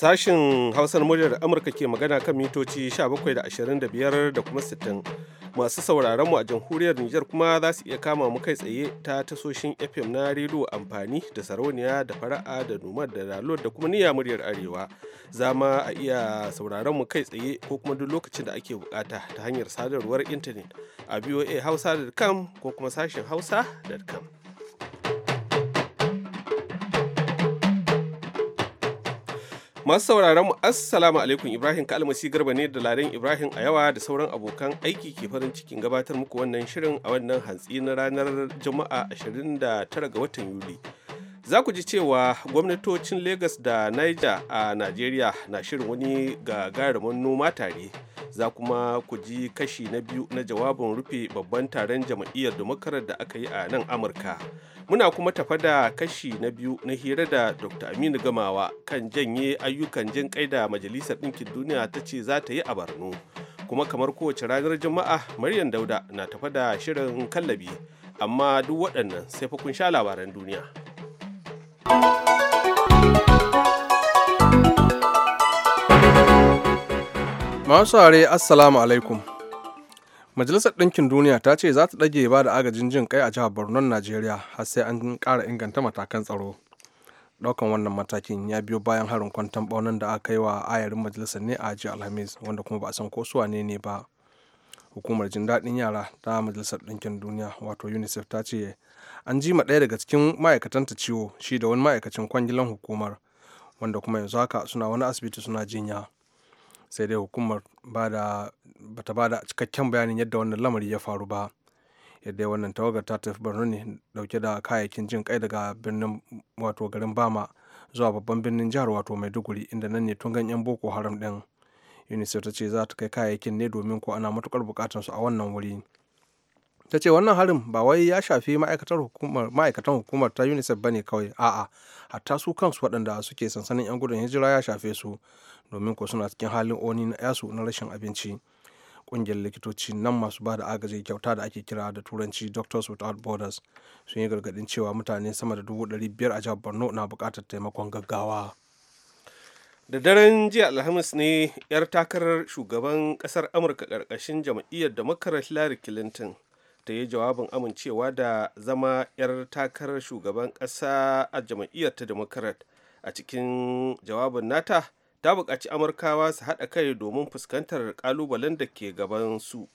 Sashin Hausar muryar Amurka ke magana kan mitoci bakwai da ashirin da kuma 60. Masu sauraron mu a jamhuriyar Nijar kuma za su iya kama mu kai tsaye ta tasoshin FM na rediyo amfani da sarauniya da fara'a da numar da dalo da kuma niyya muryar Arewa. Za ma a iya sauraron mu kai tsaye ko kuma duk lokacin da ake bukata ta hanyar sadarwar intanet a voahausa.com ko kuma sashin hausa.com. Masu sauraron mu Assalamu alaikum Ibrahim Kalmasi Garba ne da Ladan Ibrahim a yawa da sauran abokan aiki ke farin cikin gabatar muku wannan shirin a wannan hantsi na ranar Juma'a 29 ga watan Yuli. Za ku ji cewa gwamnatocin Legas da Niger a Najeriya na shirin wani gagarumin noma tare. Za kuma ku ji kashi na biyu na jawabin rufe babban taron jam'iyyar da aka yi a nan Amurka. muna kuma tafa da kashi na biyu na hira da dr aminu gamawa kan janye ayyukan jin kai da majalisar ɗinkin duniya ta ce za ta yi a barno kuma kamar kowace ranar juma'a maryam dauda na tafa da shirin kallabi amma duk waɗannan sai fa kun sha labaran duniya masu assalamu alaikum majalisar ɗinkin duniya ta ce za ta ɗage ba da agajin jin kai a jihar borno najeriya har sai an ƙara inganta matakan tsaro ɗaukan wannan matakin ya biyo bayan harin kwantan ɓaunan da aka yi wa ayarin majalisar ne a jiya alhamis wanda kuma ba a san ko su wane ne ba hukumar jin daɗin yara ta majalisar ɗinkin duniya wato unicef ta ce an ji ma ɗaya daga cikin ma'aikatanta ciwo shi da wani ma'aikacin kwangilan hukumar wanda kuma yanzu haka suna wani asibiti suna jinya sai dai hukumar ba ta bada cikakken bayanin yadda wannan lamari ya faru ba yadda wannan tawagar ta tafi borno ne dauke da kayayyakin jin kai daga birnin wato garin bama zuwa babban birnin jihar wato maiduguri inda nan ne tungan yan boko haram din unicef ta ce za ta kai kayayyakin ne domin ko ana matukar bukatar su a wannan wuri ta ce wannan harin ba wai ya shafi ma'aikatan hukumar ta unicef ba ne kawai a'a hatta su kansu waɗanda suke sansanin 'yan gudun hijira ya shafe su domin ko suna cikin halin oni na yasu na rashin abinci ƙungiyar likitoci nan masu ba da agaji kyauta da ake kira da turanci doctors without borders sun yi gargaɗin cewa mutane sama da dubu ɗari biyar a jihar borno na buƙatar taimakon gaggawa da daren jiya alhamis ne 'yar takarar shugaban ƙasar amurka karkashin jam'iyyar da makarar hillary clinton ta yi jawabin amincewa da zama 'yar takarar shugaban ƙasa a jam'iyyar ta democrat a cikin jawabin nata ta buƙaci amurkawa su haɗa kai domin fuskantar ƙalubalen da ke gaban su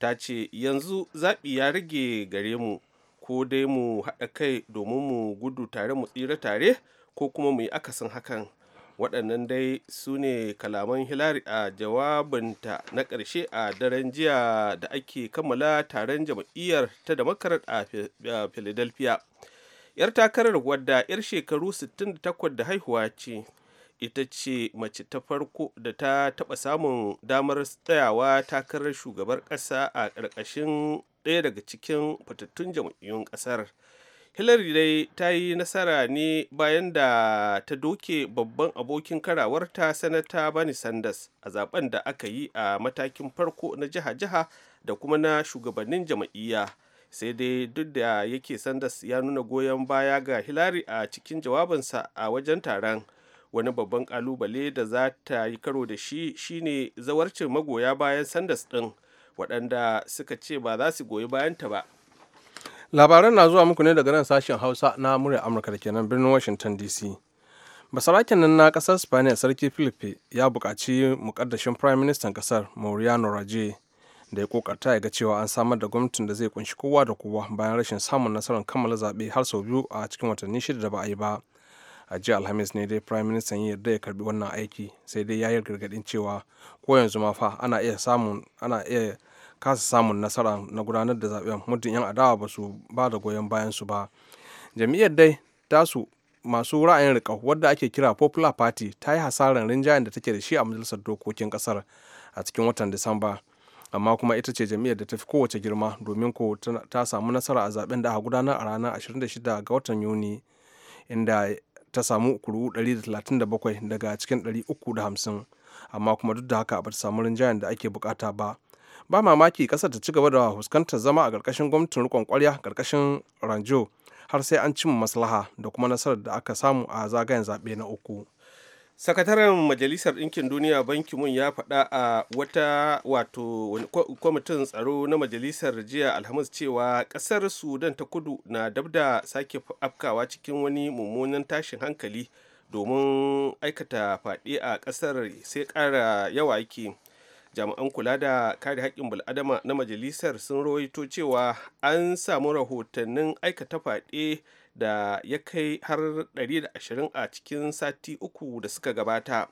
ta ce yanzu zaɓi ya rage gare mu ko dai mu haɗa kai domin mu gudu tare mu tsira tare ko kuma mu yi akasin hakan waɗannan dai su ne kalaman hilari a jawabinta na ƙarshe a daren jiya da ake kammala taron jam'iyyar ta da makarar a philadelphia yar takarar wadda yar shekaru 68 da haihuwa ce ita ce mace ta farko da ta taɓa samun damar tsayawa takarar shugabar ƙasa a ƙarƙashin ɗaya daga cikin fitattun jam'iyyun ƙasar. hillary dai ta yi nasara ne bayan da ta doke babban abokin karawarta sanata bani sanders a zaben da aka yi a matakin farko na jiha-jiha da kuma na shugabannin jama'iyya sai dai duk da yake sanders ya nuna goyon baya ga hillary a cikin jawabinsa a wajen taron wani babban kalubale da za ta yi karo da shi shine zawarcin magoya bayan sanders ɗin waɗanda suka ce ba za su goyi bayanta ba labaran na zuwa muku ne daga nan sashen hausa na murya amurka da kenan birnin washington dc basarakin nan na kasar spaniya sarki filipe ya bukaci mukaddashin prime minister kasar mauriano raje da ya kokarta ya ga cewa an samar da gwamnatin da zai kunshi kowa da kowa bayan rashin samun nasarar kammala zaɓe har sau biyu a cikin watanni shida da ba a yi ba a jiya alhamis ne dai prime minister ya yarda ya karbi wannan aiki sai dai ya yi gargaɗin cewa ko yanzu ma fa ana iya samun ana iya kasa samun nasara na gudanar da zaben muddin 'yan adawa ba su ba da goyon bayan su ba jam'iyyar dai tasu masu ra'ayin riƙau wadda ake kira popular party ta yi hasarar rinjayen da take da shi a majalisar dokokin kasar a cikin watan disamba amma kuma ita ce jami'ar da ta fi kowace girma domin ko ta samu nasara a zaben da aka gudanar a ranar 26 ga watan yuni inda ta samu da bakwai daga cikin da hamsin amma kuma duk da haka ba ta samu rinjayen da ake bukata ba ba mamaki kasar ta ci gaba da fuskantar zama a ƙarƙashin gwamnatin rikon kwarya ƙarƙashin ranjo har sai an cimma maslaha da kuma nasarar da aka samu a zagayen zaɓe na uku sakataren majalisar ɗinkin duniya banki mun ya faɗa a wata wato kwamitin tsaro na majalisar jiya alhamis cewa ƙasar sudan ta kudu na dab da sake afkawa cikin wani mummunan tashin hankali domin aikata faɗi a ƙasar sai ƙara yawa yake jami'an kula da kare haƙƙin bul'adama na majalisar sun rawaito cewa an samu rahotannin aikata fyaɗe da ya kai har 120 a cikin sati uku da suka gabata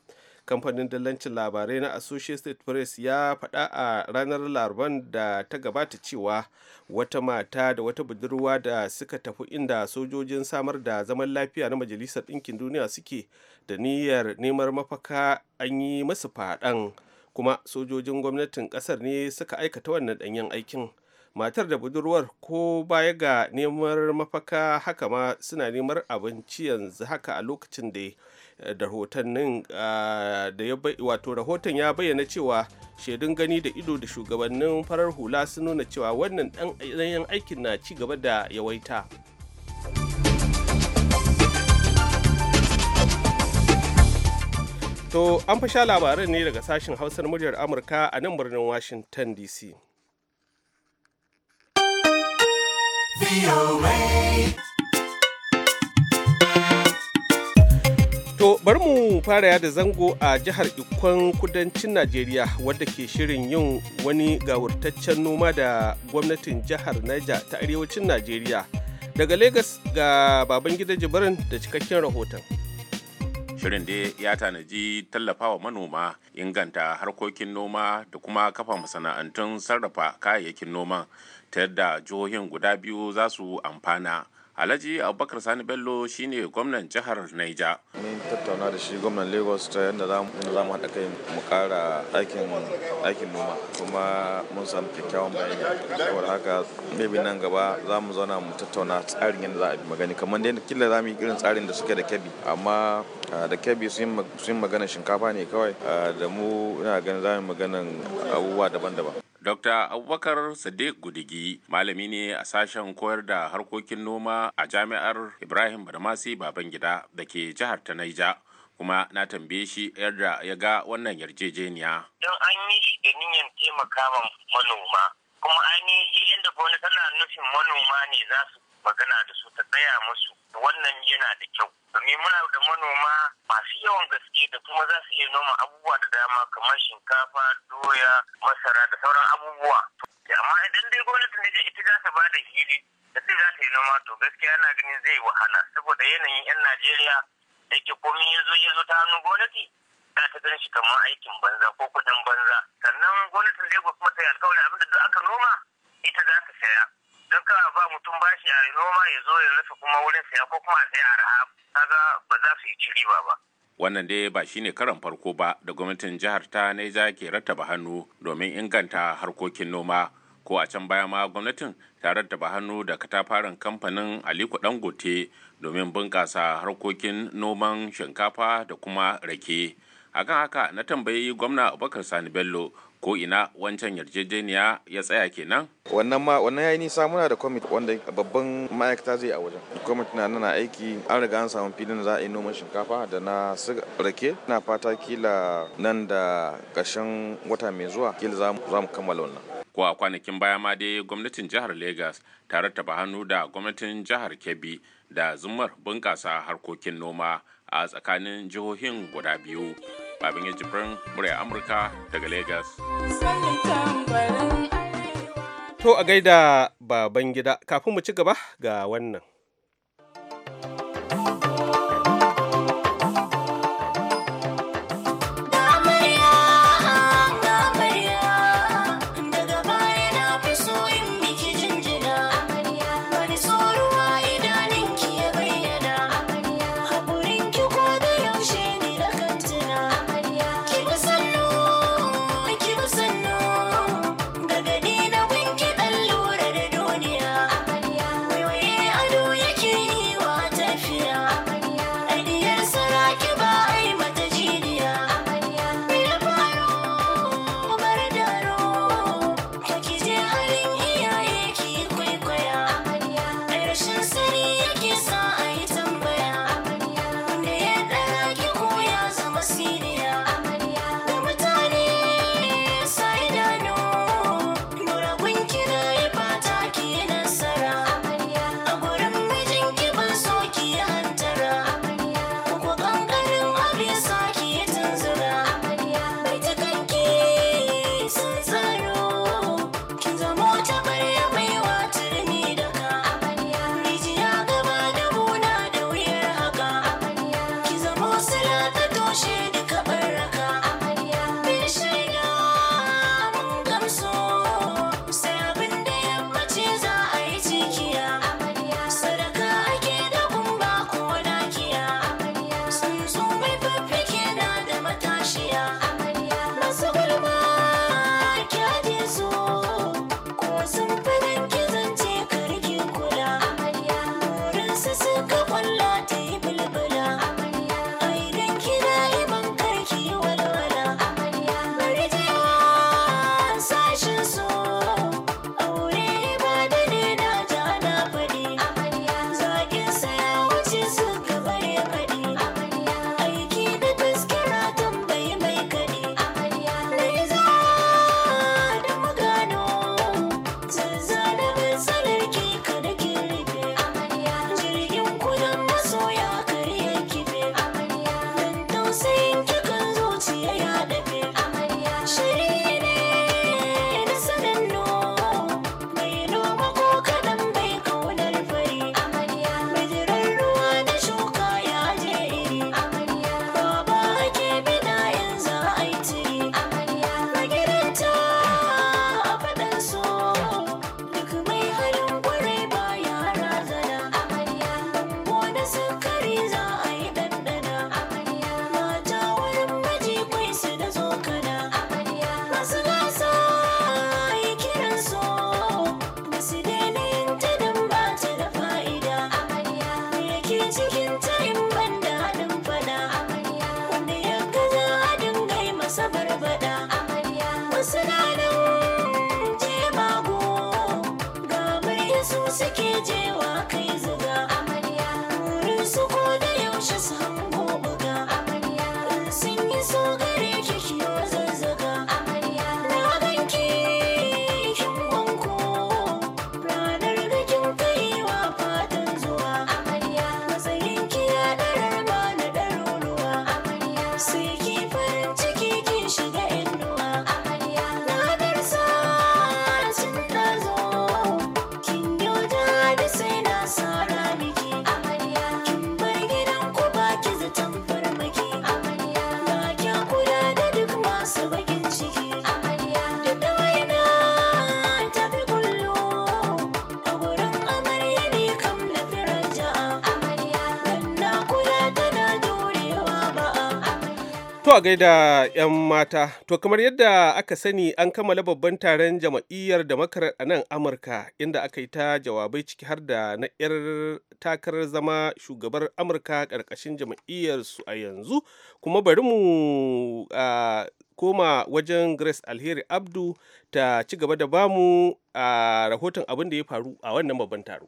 kamfanin dallancin labarai na associated press ya faɗa a ranar laraban da ta gabata cewa wata mata da wata budurwa da suka tafi inda sojojin samar da zaman lafiya na majalisar ɗinkin duniya suke da niyyar neman mafaka an yi masu faɗan kuma sojojin gwamnatin kasar ne suka aikata wannan danyen aikin matar da budurwar ko baya ga neman mafaka haka ma suna neman abinci yanzu haka a lokacin da eh, da rahotannin ah, da ya wato rahoton ya bayyana cewa shaidun gani da ido da shugabannin farar hula sun nuna cewa wannan ɗan aikin na ci gaba da yawaita. To an fi sha labaran ne daga sashen hausar muryar Amurka a nan birnin Washington DC. To bari mu fara yada zango a jihar Ikon kudancin Najeriya wadda ke shirin yin wani gawurtaccen noma da gwamnatin jihar Niger ta arewacin Najeriya. Daga Legas ga Babangida jibirin da cikakken rahoton. shirin dai ya tanaji tallafawa manoma inganta harkokin noma da kuma kafa masana'antun sarrafa kayayyakin noman ta yadda jihohin guda biyu za su amfana Alhaji Abubakar Sani Bello shine gwamnan jihar Naija. Mun tattauna da shi gwamnan Lagos ta yadda za mu haɗa kai mu ƙara aikin noma kuma mun samu kyakkyawan bayani. Saboda haka maybe nan gaba za mu zauna mu tattauna tsarin yadda za a bi magani kamar da killa za mu yi irin tsarin da suke da kebi amma ah, da kebi sun magana shinkafa ne kawai ah, da mu ina ganin za mu yi abubuwa daban-daban. Dr. Abubakar Sadiq Gudigi malami ne a sashen koyar da harkokin noma a jami'ar Ibrahim Badamasi Babangida da ke jihar ta Naija. kuma na tambaye shi yadda ya ga wannan yarjejeniya. Don an yi shi da niyyar taimaka manoma, kuma an yi shi inda gona tana nufin manoma ne za su magana da su ta tsaya musu, wannan yana da kyau. domin muna da manoma masu yawan gaske da kuma za su iya noma abubuwa da dama kamar shinkafa doya masara da sauran abubuwa amma idan dai gwamnati ne ita za ta ba da hili da sai za ta yi noma to gaskiya yana ganin zai wahala saboda yanayin 'yan najeriya da ke komai ya zo ya zo ta hannun gwamnati za ta gan shi kamar aikin banza ko kudin banza sannan gwamnatin lagos kuma ta yi alkawarin abinda da duk aka noma ita za ta saya don ka ba mutum bashi a noma ya zo ya rufe kuma wurin saya ko kuma sai arha kaga ba za su yi ciri ba ba wannan dai ba shine karan farko ba da gwamnatin jihar ta Naija ke rattaba hannu domin inganta harkokin noma ko a can baya ma gwamnatin ta rattaba hannu da katafaren kamfanin Aliko Dangote domin bunƙasa harkokin noman shinkafa da kuma rake. akan haka na tambayi gwamna Abubakar Sani Bello ko ina wancan yarjejeniya ya tsaya kenan wannan ma wannan yayi nisa muna da kwamiti wanda babban ma'aikata zai a wajen kwamiti na nan aiki an riga an samu filin za a yi noman shinkafa da na rake na fata kila nan da ƙarshen wata mai zuwa kila za mu kammala wannan ko a kwanakin baya ma dai gwamnatin jihar Lagos tare ta hannu da gwamnatin jihar Kebbi da zumar bunƙasa harkokin noma a tsakanin jihohin guda biyu. babin ya jibrin murya amurka daga Legas. to a gaida baban gida kafin mu ci gaba ga wannan To a gaida 'yan mata, to kamar yadda aka sani an kammala babban taron jama'iyyar da a nan Amurka inda aka yi ta jawabai ciki har da na 'yar takarar zama shugabar Amurka ƙarƙashin jama'iyyar a yanzu. Kuma bari mu koma wajen Grace Alheri Abdu ta ci gaba da bamu a rahoton abin da ya faru a wannan babban taro.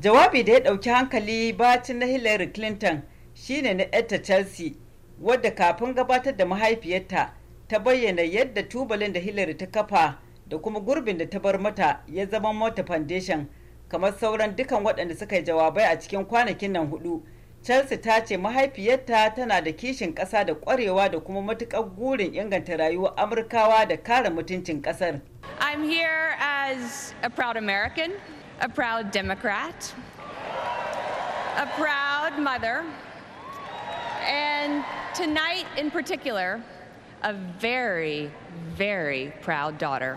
Jawabi da ya ɗauki hankali bacin na Hillary Clinton shine na 'yarta Chelsea wadda kafin gabatar da mahaifiyarta ta bayyana yadda tubalin da hillary ta kafa da kuma gurbin da ta bar mata ya zama mota foundation kamar sauran dukan waɗanda suka yi jawabai a cikin kwanakin nan hudu chelsea ta ce mahaifiyarta tana da kishin ƙasa da ƙwarewa da kuma matuƙar gurin inganta rayuwar amurkawa da kare mutuncin ƙasar i'm here as a proud american a proud democrat a proud mother and tonight in particular, a very, very proud daughter.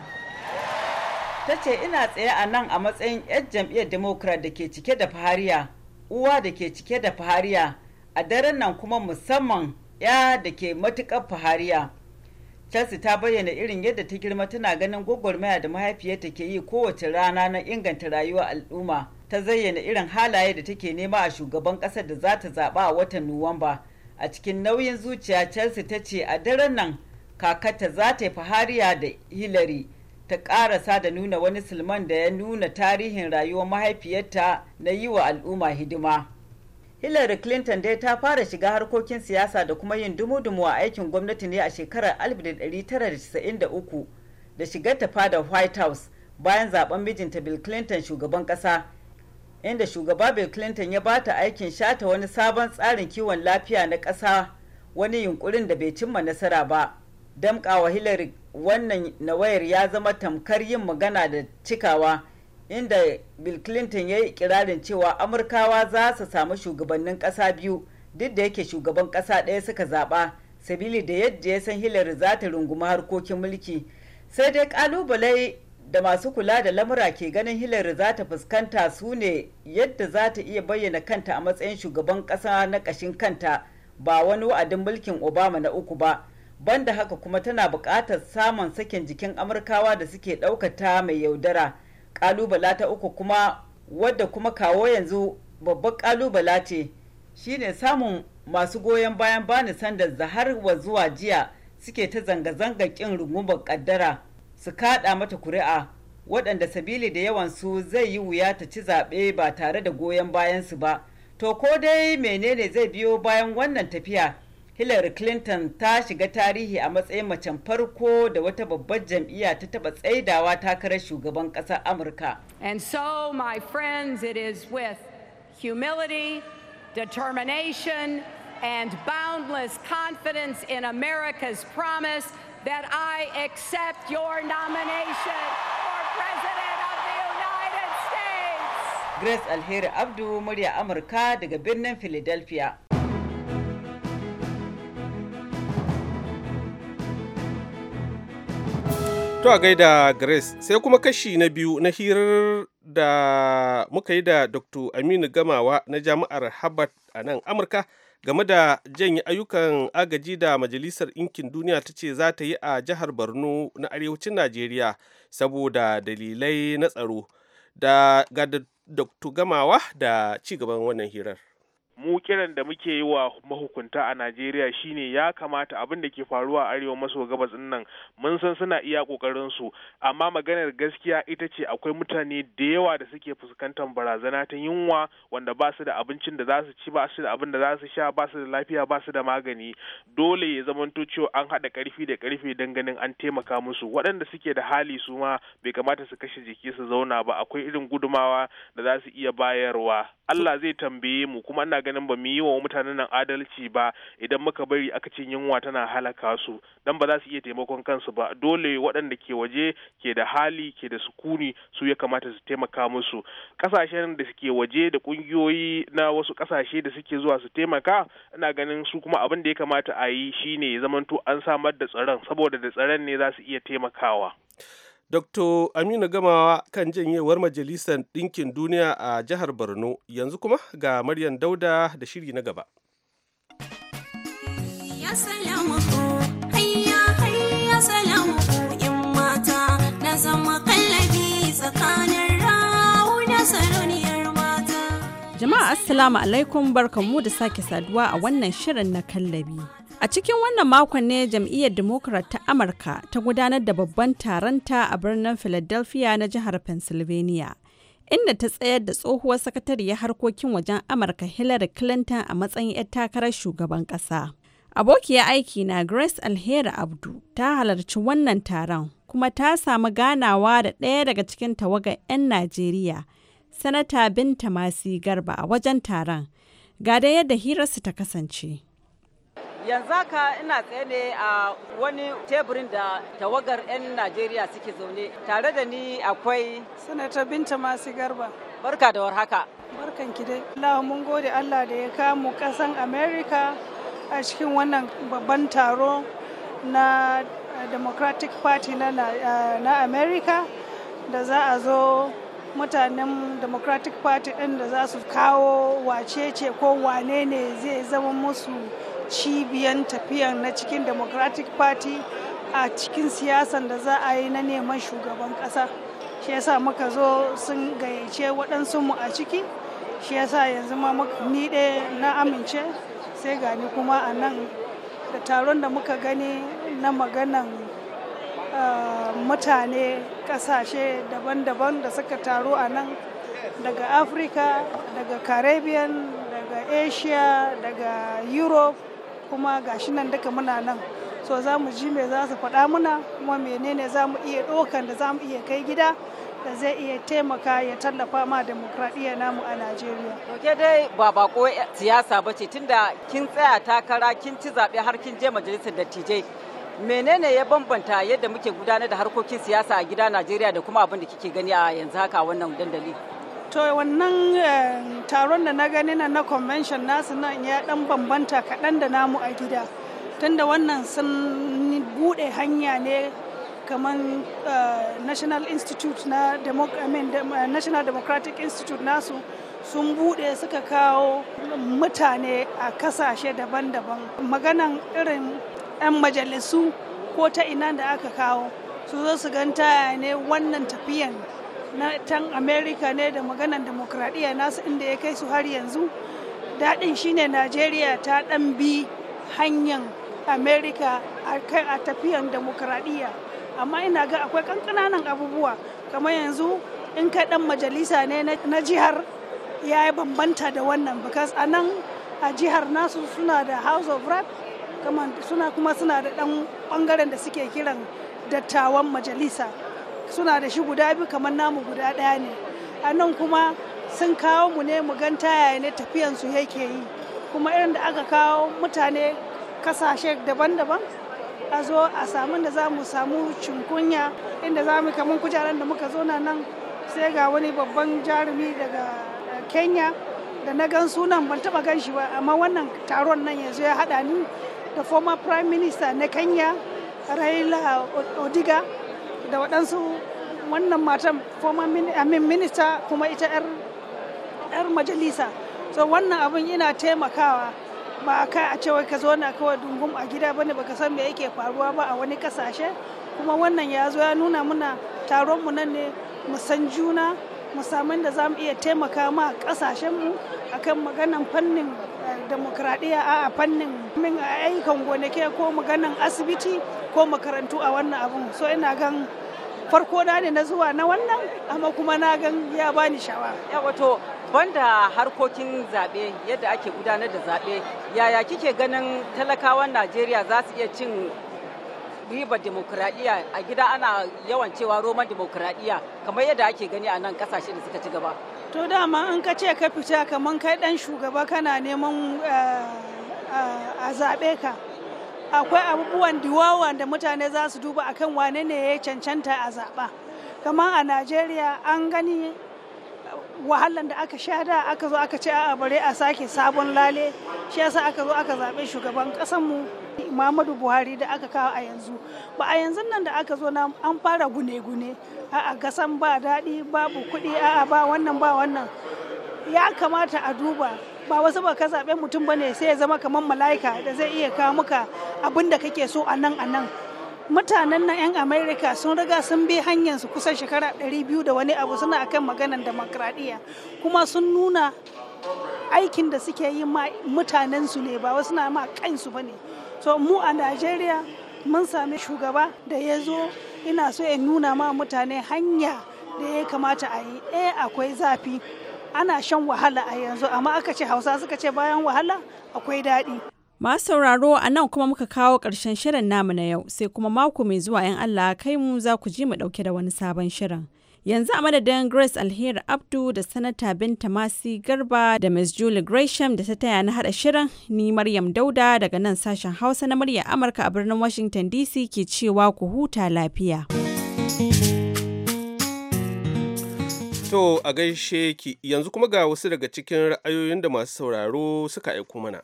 Ta ce ina tsaye a nan a matsayin 'yan jam'iyyar Democrat da ke cike da fahariya, uwa da ke cike da fahariya, a daren nan kuma musamman 'ya da ke matuƙar fahariya. Chelsea ta bayyana irin yadda ta girma tana ganin gwagwarmaya da mahaifiyarta ke yi kowace rana na inganta rayuwar al'umma. Ta zayyana irin halaye da take nema a shugaban ƙasar da za ta zaɓa a watan Nuwamba. a cikin nauyin zuciya chelsea ta ce a daren nan kakata za ta yi fahariya da hillary ta karasa da nuna wani silman da ya nuna tarihin rayuwar mahaifiyarta na yi wa al'umma hidima hillary clinton dai ta fara shiga harkokin siyasa da kuma yin dumu-dumu a aikin gwamnati ne a shekarar 1993 da shigar ta fada white house bayan zaben mijinta bill clinton shugaban kasa inda shugaba bill clinton ya ba ta aikin shata wani sabon tsarin kiwon lafiya na ƙasa wani yunkurin da bai cimma nasara ba damƙawa hillary wannan na wayar ya zama tamkar yin magana da cikawa inda bill clinton ya yi ikirarin cewa amurkawa za su samu shugabannin ƙasa biyu duk da yake shugaban ƙasa ɗaya suka zaɓa sabili da yadda ya san hillary za ta rungumi harkokin mulki sai dai ƙalubale da masu kula da lamura ke ganin Hillary za ta fuskanta su ne yadda za ta iya bayyana kanta a matsayin shugaban ƙasa na ƙashin kanta ba wani wa'adin mulkin Obama na uku ba. Banda haka kuma tana buƙatar samun sakin jikin Amurkawa da suke ɗaukata mai yaudara. Ƙalubala ta uku kuma wadda kuma kawo yanzu babbar ƙalubala ce shine samun masu goyon bayan bani sandar har wa zuwa jiya suke ta zanga-zanga ƙin rungumar ƙaddara. su kaɗa mata kuri'a waɗanda sabili da yawansu zai yi wuya ta ci zaɓe ba tare da goyon bayansu ba to ko dai menene zai biyo bayan wannan tafiya hillary clinton ta shiga tarihi a matsayin macen farko da wata babbar jam'iyya ta taɓa tsaidawa takarar shugaban ƙasar amurka and so my friends it is with humility determination and boundless confidence in america's promise that I accept your nomination for President of the United States. Grace Alheri Abdu, murya Amurka daga birnin Philadelphia. To a gaida Grace, sai kuma kashi na biyu na hirar da muka yi da Dr. Aminu Gamawa na Jami'ar Harvard a nan Amurka game da janye ayyukan agaji da majalisar inkin duniya ta ce za ta yi a jihar borno na arewacin najeriya saboda dalilai na tsaro da ga da gamawa da cigaban wannan hirar mu kiran da muke yi wa mahukunta a Najeriya shine ya kamata abin da ke faruwa a arewa maso gabas nan mun san suna iya kokarin su amma maganar gaskiya ita ce akwai mutane da yawa da suke fuskantar barazana ta yunwa wanda ba su da abincin da za su ci ba su da abin da za su sha ba su da lafiya ba su da magani dole ya zamanto cewa an hada karfi da karfi don ganin an taimaka musu waɗanda suke da hali su ma bai kamata su kashe jiki su zauna ba akwai irin gudumawa da za su iya bayarwa Allah zai tambaye mu kuma ina kenan ba mu yi wa mutanen nan adalci ba idan muka bari aka ce yunwa tana halaka su dan ba za su iya taimakon kansu ba dole waɗanda ke waje ke da hali ke da sukuni su ya kamata su taimaka musu kasashen da suke waje da kungiyoyi na wasu kasashe da suke zuwa su taimaka ina ganin su kuma abin da ya kamata a yi shine zamanto an samar da tsaron saboda da tsaron ne za su iya taimakawa Dr. Aminu Gamawa kan janyewar Majalisar Ɗinkin Duniya a jihar Borno yanzu kuma ga Maryam Dauda da shiri na gaba. Jama'a Assalamu alaikum barkanmu da sake saduwa a wannan shirin na kallabi. A cikin wannan makon ne jam'iyyar Democrat ta Amurka ta gudanar da babban taronta a birnin Philadelphia na jihar Pennsylvania. Inda ta tsayar da tsohuwar sakatariyar harkokin wajen Amurka Hillary Clinton a matsayin 'yar takarar shugaban ƙasa. Abokiyar aiki na Grace Alheri Abdu ta halarci wannan taron kuma ta samu ganawa da ɗaya daga cikin tawagar 'yan Najeriya. Sanata Binta Masi Garba a wajen taron. Ga da yadda hirarsu ta kasance. yanzu haka ina tsaye ne a wani teburin da tawagar 'yan najeriya suke zaune tare da ni akwai sanata binta Masi garba barka da warhaka barkan ki dai Allah mun gode Allah da ya kamu kasan America a cikin wannan babban taro na democratic party na, na da za a zo mutanen democratic party ɗin da za su kawo wacece ko wane ne zai zama musu cibiyan tafiyan na cikin democratic party a cikin siyasan da za a yi na neman shugaban ƙasa shi yasa muka zo sun gayyace waɗansu mu a ciki shi yasa yanzu ma ni daya na amince sai gani kuma a nan da taron da muka gani na maganan mutane kasashe daban-daban da suka taru a nan daga afirka daga caribbean daga asia daga europe kuma gashi nan duka muna nan so za mu ji me za su faɗa muna kuma menene za mu iya ɗaukan da za mu iya kai gida da zai iya taimaka ya tallafa ma demokradiyya namu a Najeriya. Doke dai ba bako siyasa ba ce tunda kin tsaya takara kin ci zaɓe har kin je majalisar dattijai menene ya bambanta yadda muke gudanar da harkokin siyasa a gida najeriya da kuma abin da kike gani a yanzu haka wannan dandali to wannan eh, taron da na gani na na convention nasu nan ya dan bambanta kaɗan da namu a gida tunda wannan sun buɗe hanya ne kamar eh, national institute na eh, national democratic institute nasu sun buɗe suka kawo mutane a kasashe daban-daban maganan irin 'yan majalisu ko ta ina da aka kawo su zo su ganta ne wannan tafiyan na tan amerika ne da maganan demokradiyya nasu inda ya kai su har yanzu daɗin shine najeriya ta ɗan bi hanyar amerika a tafiyan demokradiyya amma ina ga akwai kankananan abubuwa kamar yanzu in ka ɗan majalisa ne na jihar ya yi bambanta da wannan bukas a nan a jihar nasu suna da house of rep suna kuma suna da ɗan ɓangaren da suke kiran dattawan majalisa suna da shi guda biyu kamar namu guda ɗaya ne a nan kuma sun kawo mu ne mu gan yaya ne tafiyansu yake yi kuma irin da aka kawo mutane kasashe daban-daban a zo a samu da za mu samu cinkunya inda za mu kamar kujeran da muka zo nan sai ga wani babban jarumi daga eh, kenya da na gan sunan ban taba gan shi ba amma wannan taron nan yanzu ya haɗa ni da former prime minister na kenya raila odiga da waɗansu wannan matan former minister kuma ita 'yar majalisa so wannan abin ina taimakawa ba a kai a cewa ka zo na kawai dungum a gida bane baka san me yake faruwa ba a wani kasashe kuma wannan ya zo ya nuna muna taron mu nan ne mu san juna mu samu da za mu iya taimaka ma kasashen mu akan maganan fannin demokradiyya a fannin min ayyukan gonake ko maganan asibiti ko makarantu a wannan abun so ina gan farko na ne na zuwa na wannan amma kuma na gan ya bani shawa ya wato banda harkokin zaɓe yadda ake gudanar da zaɓe yaya kike ganin talakawan najeriya za su iya cin riba demokuraɗiyya a gida ana yawan cewa roman demokuraɗiyya kamar yadda ake gani a nan kasashe da suka ci gaba to dama in ka ce ka fita kamar kai dan shugaba kana neman eh, eh, a zaɓe ka akwai abubuwan diwawa da mutane za su duba akan wane ne ya cancanta a zaɓa kamar a najeriya an gani wahalan da aka sha da aka zo aka ce a bare a sake sabon lale shi yasa aka zo aka zaɓe shugaban ƙasanmu Muhammadu Buhari da aka kawo a yanzu ba a yanzu nan da aka zo na an fara gune-gune a gasan ba daɗi babu kuɗi a ba wannan ba wannan ya kamata a duba ba wasu ba ka zaɓe mutum ba ne sai ya zama kamar mala'ika da zai iya kawo muka abin da kake so a nan a nan mutanen nan 'yan amerika sun riga sun bi hanyar su kusan shekara 200 da wani abu suna akan maganar demokradiyya kuma sun nuna aikin da suke yi ma mutanensu ne ba wasu na ma kansu ba ne so mu a najeriya mun sami shugaba da ya zo ina so in nuna ma mutane hanya da ya kamata a yi eh akwai zafi ana shan wahala a yanzu amma aka ce hausa suka ce bayan wahala akwai daɗi Masu sauraro a nan kuma muka kawo ƙarshen shirin namu na yau sai kuma mako mai zuwa 'yan Allah kai mu za ku ji mu ɗauke da wani sabon shirin. Yanzu a madadin Grace Alheri Abdu da Sanata Binta Masi Garba da Ms. Julie Gresham da ta taya na hada shirin ni Maryam Dauda daga nan sashen Hausa na murya Amurka a birnin Washington DC ke cewa ku huta lafiya. To a gaishe ki yanzu kuma ga wasu daga cikin ra'ayoyin da masu sauraro suka aiko mana.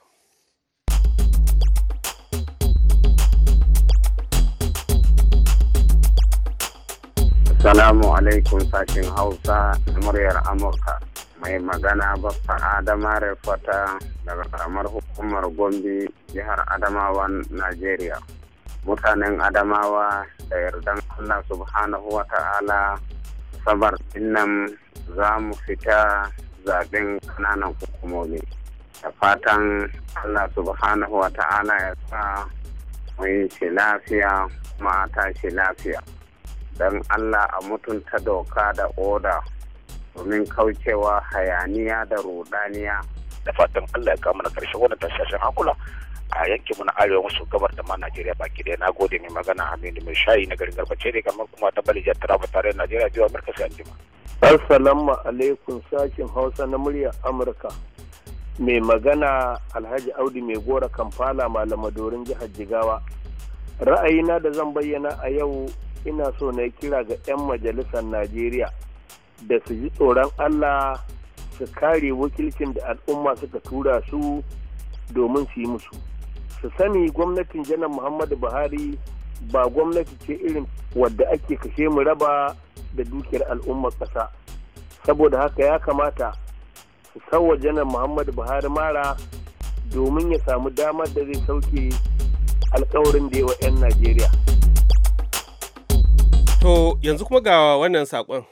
Assalamu alaikum sashen Hausa da muryar Amurka. Mai magana Baffa Adama Refata daga karamar hukumar Gombe, jihar Adamawa, Najeriya. Mutanen Adamawa da yardan Allah subhanahu wa ta'ala sabar nan za mu fita zaɓen ƙananan hukumomi. Da fatan Allah subhanahu wa ta'ala ya sa mu shi lafiya kuma shi lafiya. don allah a mutunta doka da oda domin kaucewa hayaniya da rudaniya da fatan allah ya kama na karshe wannan tashashen hankula a yankin mu na arewa maso gabar da ma Najeriya baki daya na gode mai magana Aminu mai shayi na garin Garbace ne kamar kuma ta jantara ba tare da Najeriya biyu Amurka sai anjima. Assalamu alaikum sashin Hausa na murya Amurka. Mai magana Alhaji Audu mai gora Kampala malamadorin jihar Jigawa. Ra'ayina da zan bayyana a yau ina so na yi kira ga 'yan majalisar najeriya da su ji tsoron allah su kare wakilcin da al'umma suka tura su domin su yi musu su sani gwamnatin janar muhammadu buhari ba gwamnati ce irin wadda ake kashe mu raba da dukiyar al'ummar ƙasa saboda haka ya kamata su sauwa janar muhammadu buhari mara domin ya samu damar da zai sauke alkawarin da yawa 'yan najeriya To yanzu kuma ga wannan saƙon.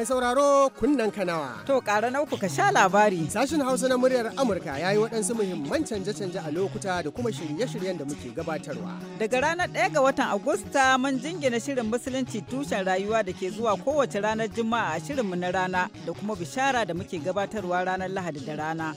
mai sauraro kunnen kanawa. To ƙara na ka sha labari. sashen Hausa na muryar Amurka ya yi waɗansu muhimman canje-canje a lokuta da kuma shirye-shiryen da muke gabatarwa. Daga ranar 1 ga watan Agusta mun jingina shirin Musulunci tushen rayuwa da ke zuwa kowace ranar Juma'a a shirinmu na rana da kuma bishara da muke gabatarwa ranar Lahadi da rana.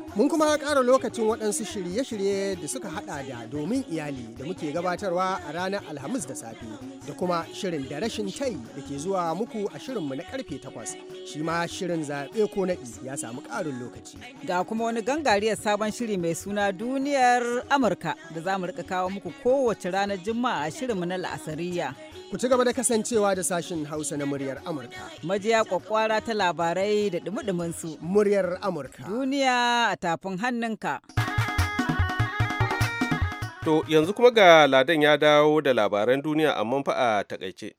Mun kuma ƙara lokacin waɗansu shirye-shirye da suka haɗa da domin iyali da muke gabatarwa a ranar Alhamis da safe da kuma shirin da rashin tai da ke zuwa muku a shirinmu na karfe takwas shi ma shirin zaɓe ko naɗi ya samu ƙarin lokaci. Ga kuma wani gangariyar sabon shiri mai suna duniyar Amurka da za mu rika kawo muku kowace ranar Juma'a a shirinmu na la'asariya. Ku ci gaba da kasancewa da sashin Hausa na muryar Amurka. Majiya kwakwara ta labarai da dumi Muryar Amurka. Duniya a tafin hannunka. To yanzu kuma ga Ladan ya dawo da labaran duniya amma fa a takaice.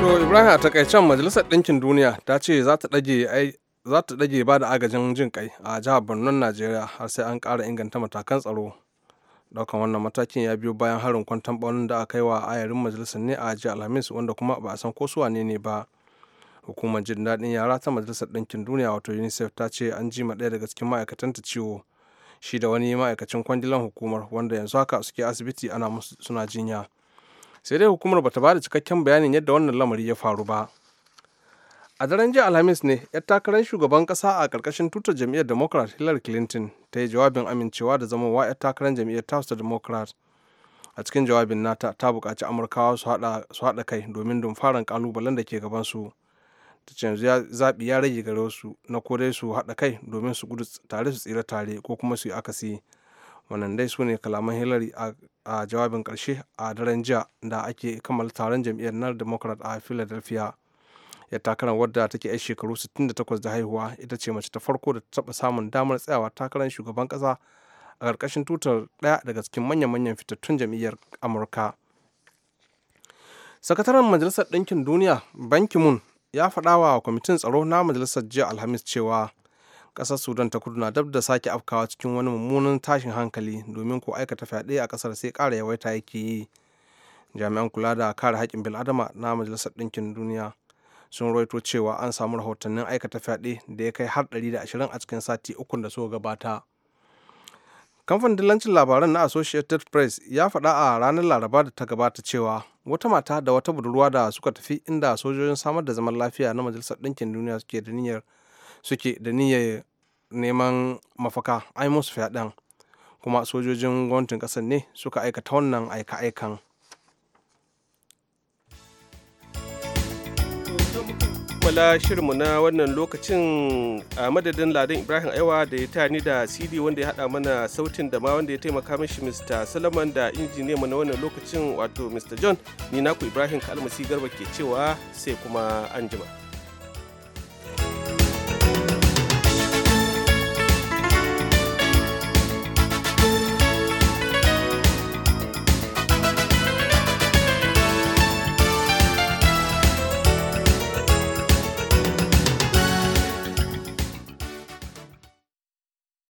To Ibrahim a takaicen Majalisar Ɗinkin Duniya ta ce za ta ɗage za ta ɗage ba da agajin jin kai a jihar Borno Najeriya har sai an ƙara inganta matakan tsaro daukan wannan matakin ya biyo bayan harin kwantan baunin da aka yi wa ayarin majalisar ne a jiya alhamis wanda kuma ba a san ko wane ne ba hukumar jin daɗin yara ta majalisar ɗinkin duniya wato unicef ta ce an ji ma ɗaya daga cikin ma'aikatan ta ciwo shi da wani ma'aikacin kwangilan hukumar wanda yanzu haka suke asibiti ana suna jinya sai dai hukumar bata ba da cikakken bayanin yadda wannan lamari ya faru ba a daren jiya alhamis ne yar takarar shugaban kasa a karkashin tutar jam'iyyar democrat hillary clinton ta yi jawabin amincewa da zamowa yar takarar jam'iyyar tasu ta democrat a cikin jawabin nata ta buƙaci amurkawa su haɗa kai domin dumfaran kalubalen da ke gabansu ta ce yanzu zaɓi ya rage gare su na ko dai su haɗa kai domin su gudu tare su tsira tare ko kuma su yi akasi wannan dai su ne kalaman hillary a jawabin ƙarshe a daren jiya da ake kammala taron jam'iyyar na democrat a philadelphia ya takarar wadda take 'yar shekaru 68 da haihuwa ita ce mace ta farko da ta taba samun damar tsayawa takarar shugaban kasa a ƙarƙashin tutar ɗaya daga cikin manyan manyan fitattun jam'iyyar amurka sakataren majalisar ɗinkin duniya banki mun ya faɗa wa kwamitin tsaro na majalisar jiya alhamis cewa ƙasar sudan ta kudu na dab da sake afkawa cikin wani mummunan tashin hankali domin ko aikata fyaɗe a ƙasar sai ƙara yawaita yake yi jami'an kula da kare haƙƙin bil'adama na majalisar ɗinkin duniya sun roito cewa an samu rahotannin aikata fyaɗe da ya kai har 120 a cikin sati uku da suka gabata kamfanin dillancin labaran na associated press ya faɗa a ranar laraba da ta gabata cewa wata mata da wata budurwa da suka tafi inda sojojin samar da zaman lafiya na majalisar ɗinkin duniya suke da niyyar suke da niyyar neman mafaka ai musu fyaɗen kuma sojojin gwamnatin ƙasar ne suka aikata wannan aika-aikan kammala shirinmu na wannan lokacin a madadin ladin ibrahim aiwa da ya tani da cd wanda ya hada mana sautin da ma wanda ya taimaka mishi mr salaman da injiniya mu na wannan lokacin wato mr john ni naku ibrahim kalmasi garba ke cewa sai kuma anjima.